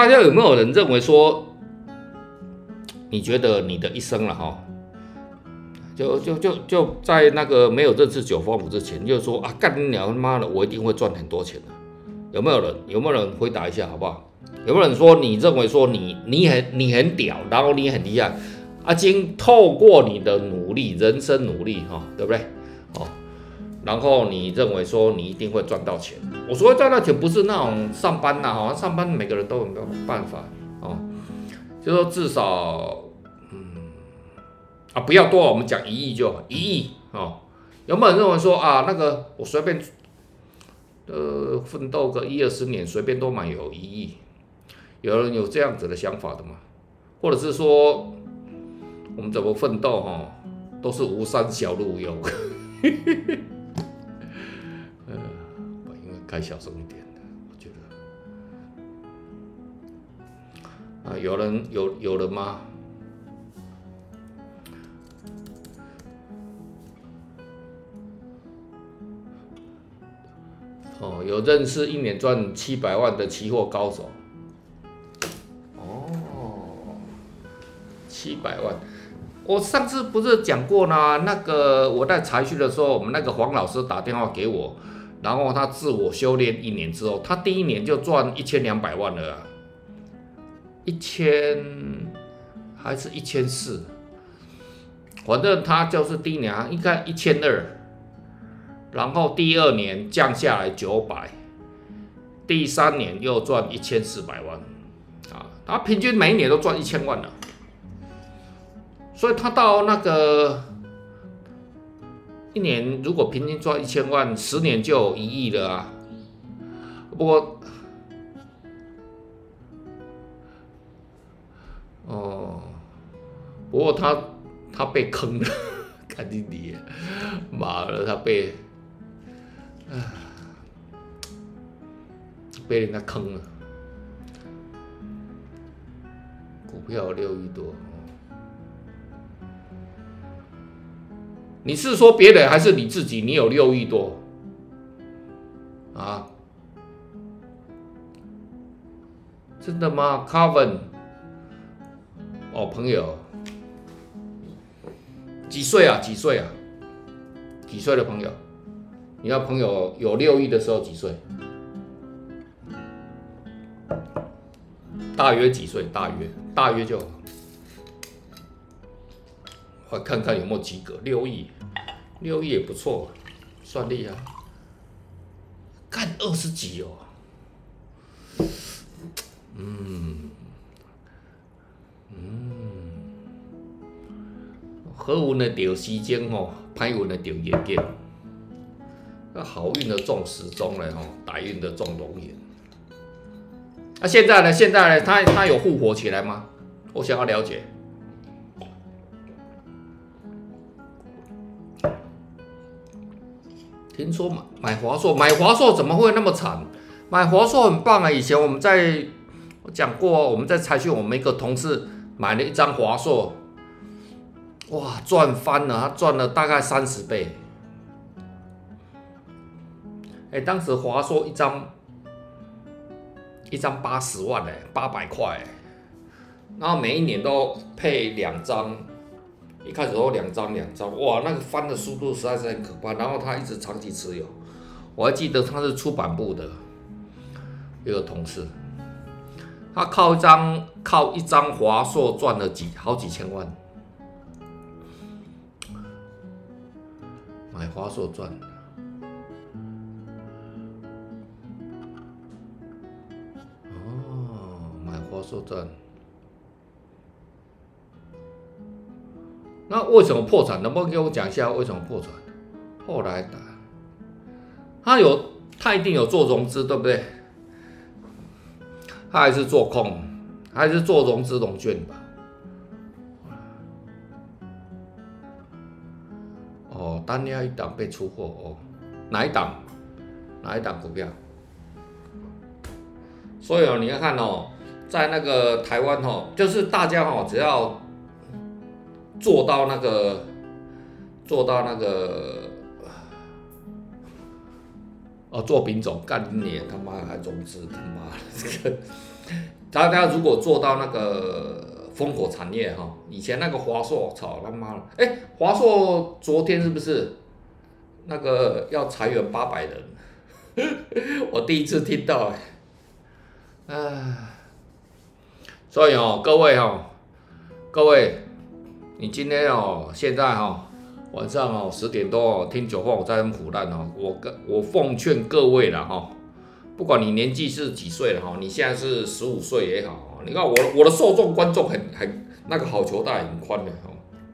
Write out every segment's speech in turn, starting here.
大家有沒有人認為說，你覺得你的一生了哈，就就就就在那個沒有認識久方武之前，就說啊幹你娘媽的，我一定會賺很多錢的，啊，有沒有人？有沒有人回答一下好不好？有沒有人說你認為說你你很你很屌，然後你很厲害？阿、啊、金透過你的努力，人生努力哈，對不對？然後你認為說你一定會賺到錢？我說賺到錢不是那種上班吶，好像上班每個人都有沒有辦法哦，就說至少，嗯，啊，不要多，我們講一億就好，一億哦。有沒有人認為說啊，那個我隨便，呃，奮鬥個一二十年，隨便都蠻有一億？有人有這樣子的想法的嗎？或者是說，我們怎麼奮鬥哈，都是無三小路有。 該小聲一點的，我覺得。啊，有人有有人嗎？哦，有認識一年賺七百萬的期貨高手。哦，七百萬，我上次不是講過呢？那個我在財訊的時候，我們那個黃老師打電話給我。然後他自我修煉一年之後，他第一年就賺一千兩百萬了，啊，一千還是一千四，反正他就是第一年應該一千二，然後第二年降下來九百，第三年又賺一千四百萬，啊，他平均每一年都賺一千萬了，所以他到那個。一年如果平均賺一千萬，十年就有一億了啊！不過，哦，不過他他被坑了，比亞迪、馬了，他被，啊，被人家坑了，股票六億多。你是說別人還是你自己？你有六億多，啊？真的嗎？卡文哦，朋友，幾歲啊？幾歲啊？幾歲的朋友？你那朋友有六億的時候幾歲？大約幾歲？大約，大約就。我看看有沒有及格，六億，六億也不錯，算厲啊，幹二十幾哦，嗯，嗯，好運的屌絲精哦，歹運的屌眼鏡，那好運的中時鐘嘞，哦，歹運的中龍眼，那、啊、現在呢？現在呢，他他有復活起來嗎？我想要了解。聽說買買華碩，買華碩怎麼會那麼慘？買華碩很棒啊、欸！以前我們在我講過、啊，我們在採取我們一個同事買了一張華碩，哇，賺翻了，他賺了大概三十倍。哎、欸，當時華碩一張一張八十萬呢、欸，八百塊、欸，然後每一年都配兩張。一開始我兩張兩張，哇，那個翻的速度實在是很可怕。然後他一直長期持有，我還記得他是出版部的有一個同事，他靠一張靠一張華碩賺了幾好幾千萬，買華碩賺。哦，買華碩賺。那為什麼破產？能不能給我講一下為什麼破產？後來的，他有他一定有做融資，對不對？他還是做空，還是做融資融券吧？哦，單日一檔被出貨哦，哪一檔？哪一檔股票？所以哦，你要看哦，在那個台灣哦，就是大家哦，只要。做到那個，做到那個，哦，做品種幹你他媽還融資他媽這個，大家如果做到那個烽火產業哈，以前那個華碩，操他媽的，哎、欸，華碩昨天是不是那個要裁員八百人呵呵？我第一次聽到，哎、啊，所以哦，各位哦，各位。你今天哦，現在哦，晚上哦，十點多哦，聽久方武我在這邊苦難哦，我個，我奉勸各位了哦，不管你年紀是幾歲了哈、哦，你現在是十五歲也好，你看我我的受眾觀眾很很那個好球帶很寬的、哦、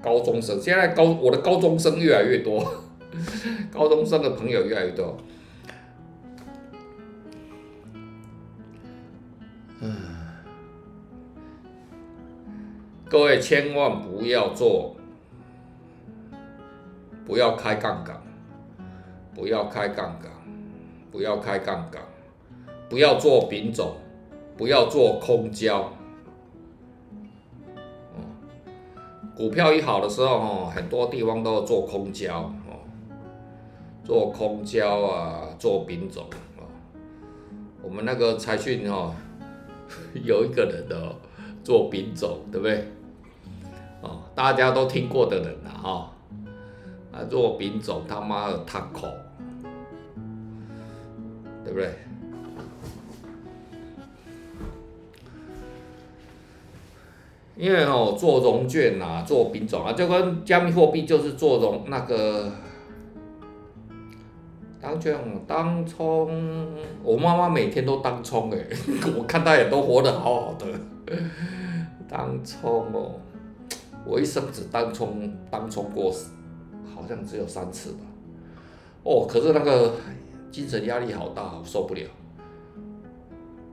高中生現在高我的高中生越來越多，高中生的朋友越來越多。各位千萬不要做，不要開槓桿，不要開槓桿，不要開槓桿，不要做丙種，不要做空交。股票一好的時候哦，很多地方都要做空交哦，做空交啊，做丙種哦。我們那個財訊哦，有一個人哦，做丙種，對不對？哦，大家都聽過的人吶，啊，啊、哦，做丙種他媽的踏空，對不對？因為哦，做融券啊，做丙種啊，就跟加密貨幣就是做融那個當券、當沖。我媽媽每天都當沖、欸，哎， 我看她也都活得好好的， 當沖哦。我一生只當沖當沖過，好像只有三次吧。哦，可是那個精神壓力好大，我受不了。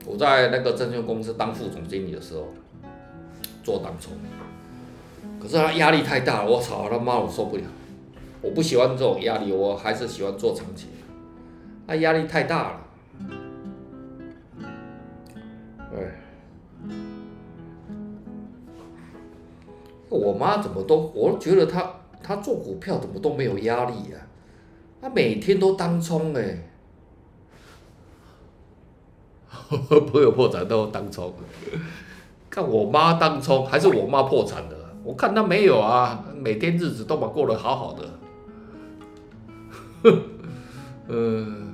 我在那個證券公司當副總經理的時候，做當沖，可是他壓力太大了，我操他媽，我受不了。我不喜歡這種壓力，我還是喜歡做長期。那壓力太大了，哎。我媽怎麼都，我覺得她她做股票怎麼都沒有壓力呀、啊？她每天都當沖哎、欸， 朋友破產都當沖。看我媽當沖，還是我媽破產的，我看她沒有啊，每天日子都把過得好好的。 嗯，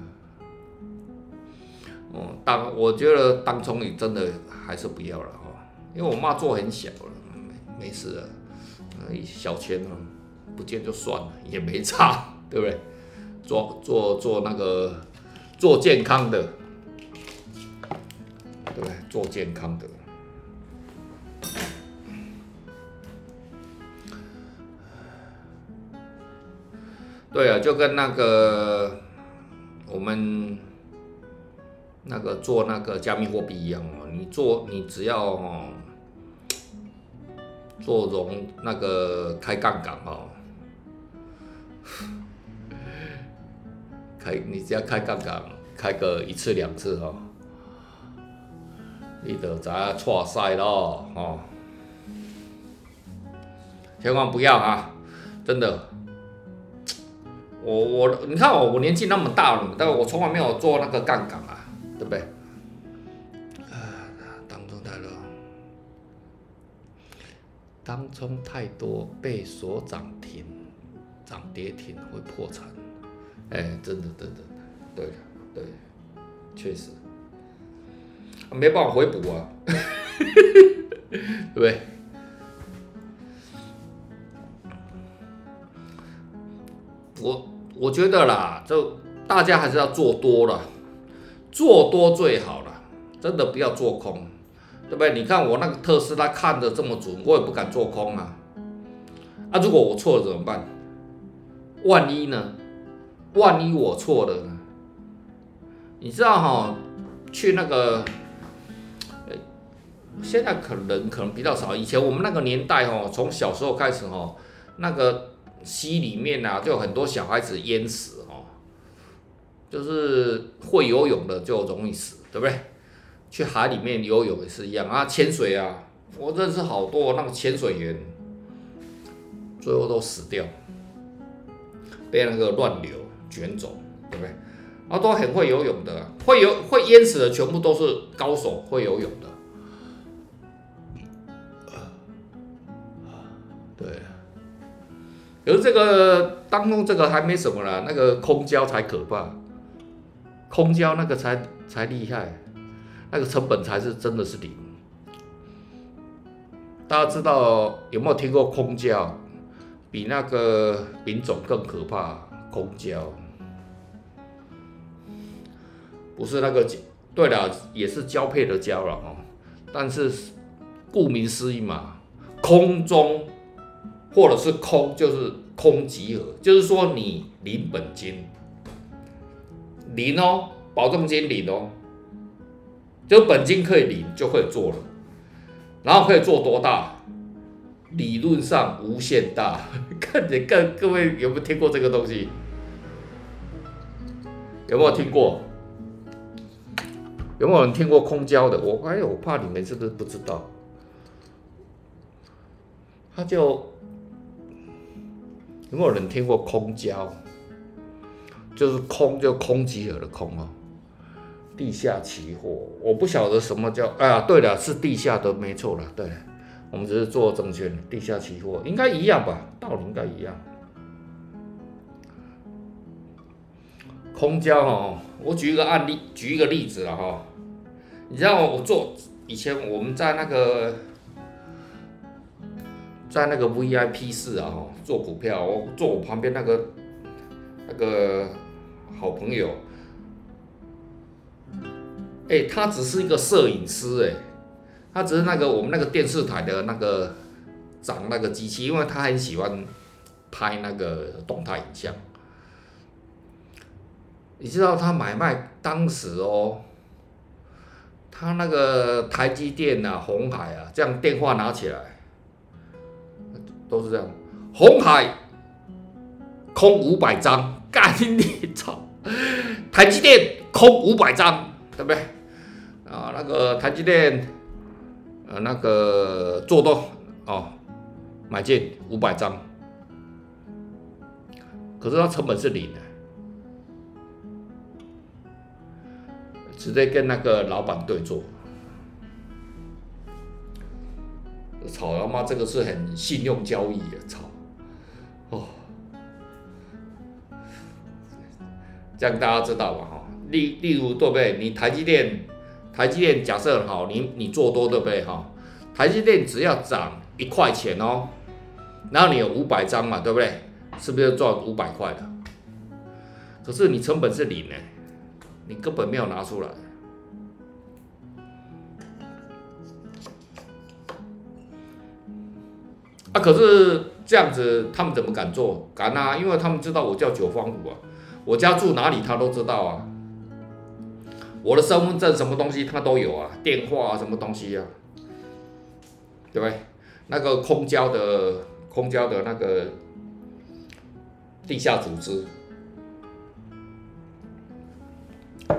哦，當我覺得當沖你真的還是不要了哈，因為我媽做很小了。沒事啊，一小錢啊，不見就算了，也沒差，對不對？做做做那個做健康的，對，做健康的。對啊，就跟那個我們那個做那個加密貨幣一樣哦，你做你只要哦。做融那個開槓桿哦開，開你只要開槓桿，開個一次兩次哦，你就一下錯晒了哦，千萬不要啊！真的，我我你看我我年紀那麼大了，但我從來沒有做那個槓桿啊，對不對？當沖太多被鎖漲停，漲跌停會破產。哎、欸，真的真的，對對，確實、啊，沒辦法回補啊。 對，我我覺得啦，就大家還是要做多了，做多最好了，真的不要做空。對不對？你看我那個特斯拉看得這麼準，我也不敢做空啊。啊，如果我錯了怎麼辦？萬一呢？萬一我錯了呢？你知道哈、哦，去那個，現在可能可能比較少。以前我們那個年代哦，從小時候開始哦，那個溪裡面啊，就有很多小孩子淹死哦，就是會游泳的就容易死，對不對？去海裡面游泳也是一樣啊，潛水啊，我認識好多那個潛水員，最後都死掉，被那個亂流捲走，對不對？啊，都很會游泳的，會游會淹死的全部都是高手，會游泳的。對。而這個當中，這個還沒什麼啦，那個空膠才可怕，空膠那個才才厲害。那個成本才是真的是零。大家知道有沒有聽過空交？比那個品種更可怕，空交不是那個。對了，也是交配的交了哦。但是顧名思義嘛，空中或者是空就是空集合，就是說你零本金，零哦，保證金零哦。就本金可以領，就會做了，然後可以做多大？理論上無限大。看你、看各位有沒有聽過這個東西？有沒有聽過？有沒有人聽過空交的？我哎呦，我怕你們是不是不知道？他就有沒有人聽過空交？就是空，就空集合的空哦、啊。地下期貨，我不曉得什麼叫，啊，對了，是地下的，沒錯了，對了，我們只是做證券，地下期貨應該一樣吧，道理應該一樣。空交哈、哦，我舉一個案例，舉一個例子了哈、哦，你知道我做以前我們在那個在那個 VIP 室啊，做股票，我坐我旁邊那個那個好朋友。哎、欸，他只是一個攝影師哎、欸，他只是那個我們那個電視台的那個長那個機器，因為他很喜歡拍那個動態影像。你知道他買賣當時哦、喔，他那個台積電啊，鴻海啊，這樣電話拿起來都是這樣，鴻海空五百張，幹你操！台積電空五百張，對不對？啊，那個台積電，啊，那個做多啊，買進五百張，可是它成本是零的，啊，直接跟那個老闆對坐，草他媽，這個是很信用交易的草。哦，這樣大家知道吧？哈，例例如對不對？你台積電。台積電假設好，你你做多對不對哈？台積電只要漲一塊錢哦，然後你有五百張嘛，對不對？是不是賺五百塊的？可是你成本是零呢，你根本沒有拿出來啊！啊，可是這樣子他們怎麼敢做？敢啊，因為他們知道我叫久方武啊，我家住哪裡他都知道啊。我的身份證什麼東西他都有啊，電話啊什麼東西呀、啊，對不對？那個空交的空交的那個地下組織，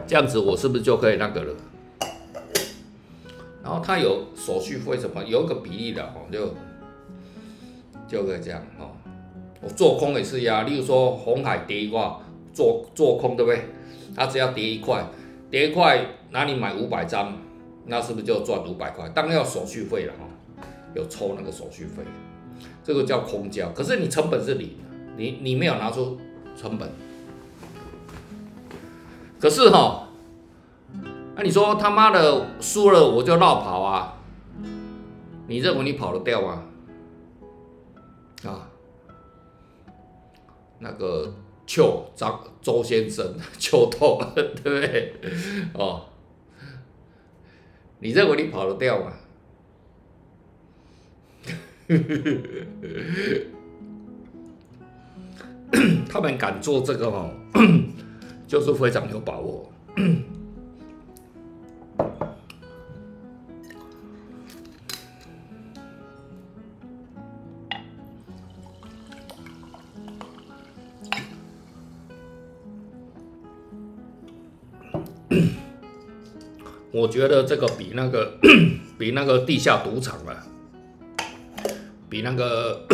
這樣子我是不是就可以那個了？然後他有手續費什麼，有一個比例的哦，就就可以這樣哦。我做空也是呀、啊，例如說紅海跌一塊，做做空，對不對？他只要跌一塊。跌一塊，那你買五百張，那是不是就賺五百塊？當然要手續費了哈、哦，有抽那個手續費，這個叫空交。可是你成本是零，你你沒有拿出成本。可是哈，那、哦啊、你說他媽的輸了我就落跑啊？你認為你跑得掉嗎？啊，那個球張。周先生，就到了對不對？哦，你認為你跑得掉嗎？ 他們敢做這個嗎？哦，就是非常有把握。我覺得這個比那個 比那個地下賭場啊，比那個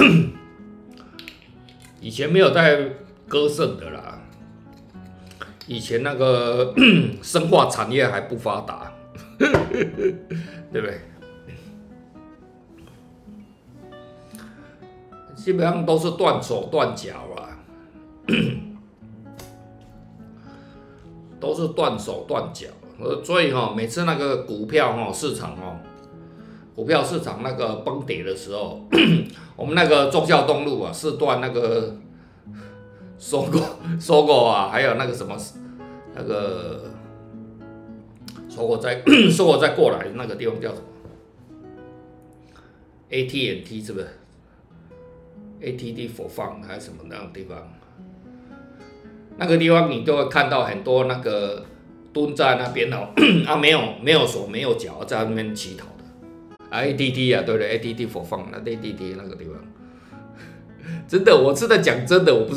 以前沒有在割腎的啦，以前那個 生化產業還不發達， 對不對？基本上都是斷手斷腳啊，都是斷手斷腳。我，所以、哦、每次那個股票哦，市場哦，股票市場那個崩跌的時候，咳咳我們那個忠孝東路啊，四段那個 SOGO SOGO 啊，還有那個什麼那個 SOGO 再 SOGO 再過來那個地方叫什麼？ATT 是不是？ATT 4 FUN 還是什麼那種地方？那個地方你就會看到很多那個。蹲在那邊的、哦，啊，沒有沒有手沒有腳，在那邊乞討的，A D D 啊，對對，A D D for fun，那 A D D 那個地方， 真的，我真的講真的，我。